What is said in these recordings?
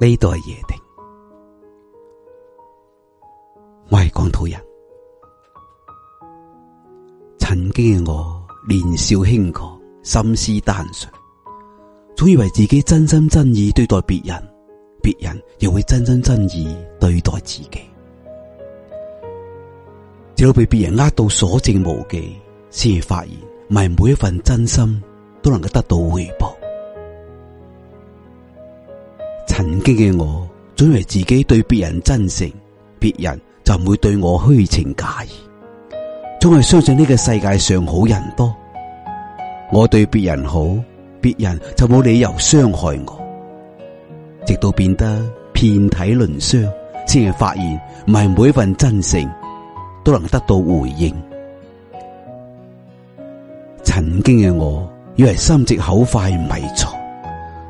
呢度係夜定，我係廣土人。曾經嘅我年少輕狂，心思單純，總以為自己真心真意對待別人，別人亦會真心真意對待自己。直到被別人呃到所剩無幾，先發現唔係每一份真心都能夠得到回報。曾經嘅我總以為自己對別人真誠，別人就唔會對我虛情假意。總係相信呢個世界上好人多，我對別人好，別人就冇理由傷害我。直到變得遍體鱗傷，先至發現唔係每一份真誠都能得到回應。曾經嘅我以為心直口快唔係錯。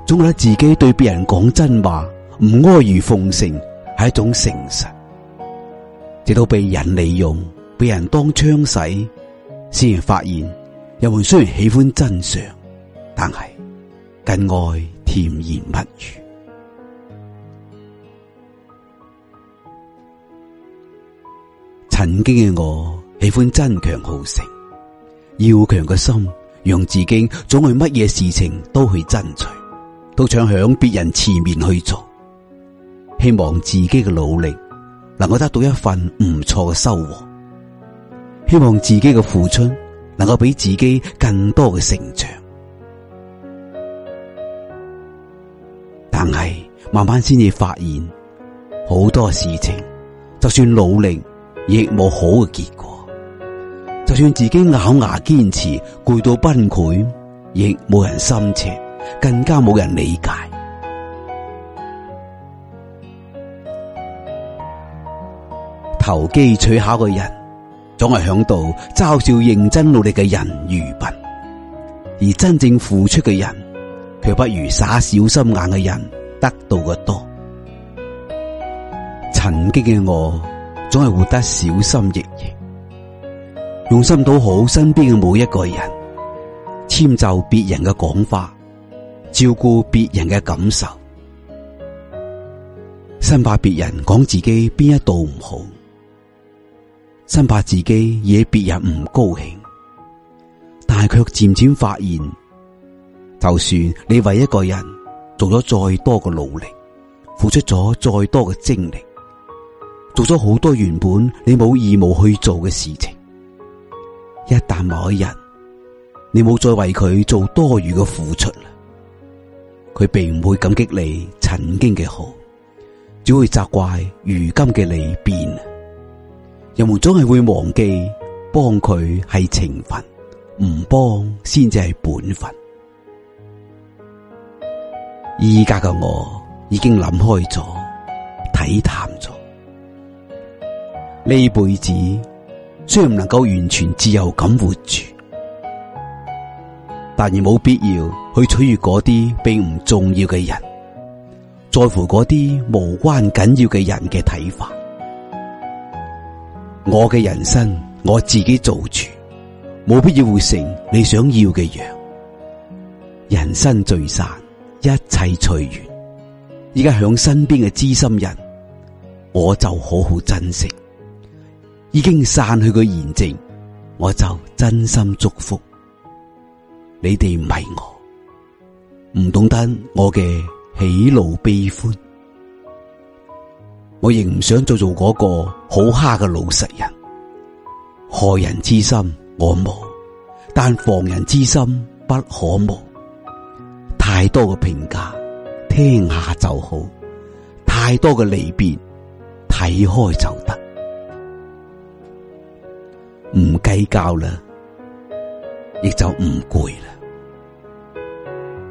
總覺得自己對別人講真話，唔阿諛奉承係一種誠實。直到被人利用，被人當槍使，先至發現人們雖然喜歡真相，但係更愛甜言蜜語。曾經嘅我喜歡爭強好勝，要強嘅心，讓自己總會乜嘢事情都去爭取。都想響別人前面去做，希望自己嘅努力能夠得到一份唔錯嘅收穫，希望自己嘅付出能夠俾自己更多嘅成長。但係慢慢先至發現，好多事情就算努力亦冇好嘅結果，就算自己咬牙堅持，攰到崩潰，亦冇人心情。更加冇人理解，投機取巧嘅人總係響度嘲笑認真努力嘅人愚笨，而真正付出嘅人，卻不如耍小心眼嘅人得到嘅多。曾經嘅我，總係活得小心翼翼，用心討好身邊嘅每一個人，遷就別人嘅講法。照顧別人嘅感受，生怕別人講自己邊一度唔好，生怕自己惹別人唔高興，但係卻漸漸發現，就算你為一個人做咗再多嘅努力，付出咗再多嘅精力，做咗好多原本你冇義務去做嘅事情，一旦某一日你冇再為佢做多餘嘅付出佢並唔會感激你曾經嘅好，只會責怪如今嘅你變。人們總係會忘記幫佢係情分，唔幫先至係本分。而家嘅我已經諗開咗，睇淡咗。呢輩子雖然唔能夠完全自由咁活住。但而冇必要去取悦嗰啲並唔重要嘅人，在乎嗰啲無關緊要嘅人嘅睇法。我嘅人生我自己做主，冇必要活成你想要嘅樣。人生聚散，一切隨緣。依家響身邊嘅知心人，我就好好珍惜。已經散去嘅言靜，我就真心祝福。你哋唔係我，唔懂得我嘅喜怒悲歡，我亦唔想做做嗰個好蝦嘅老實人。害人之心我無，但防人之心不可無。太多嘅評價聽下就好，太多嘅離別睇開就得，唔計較啦，亦就唔攰啦。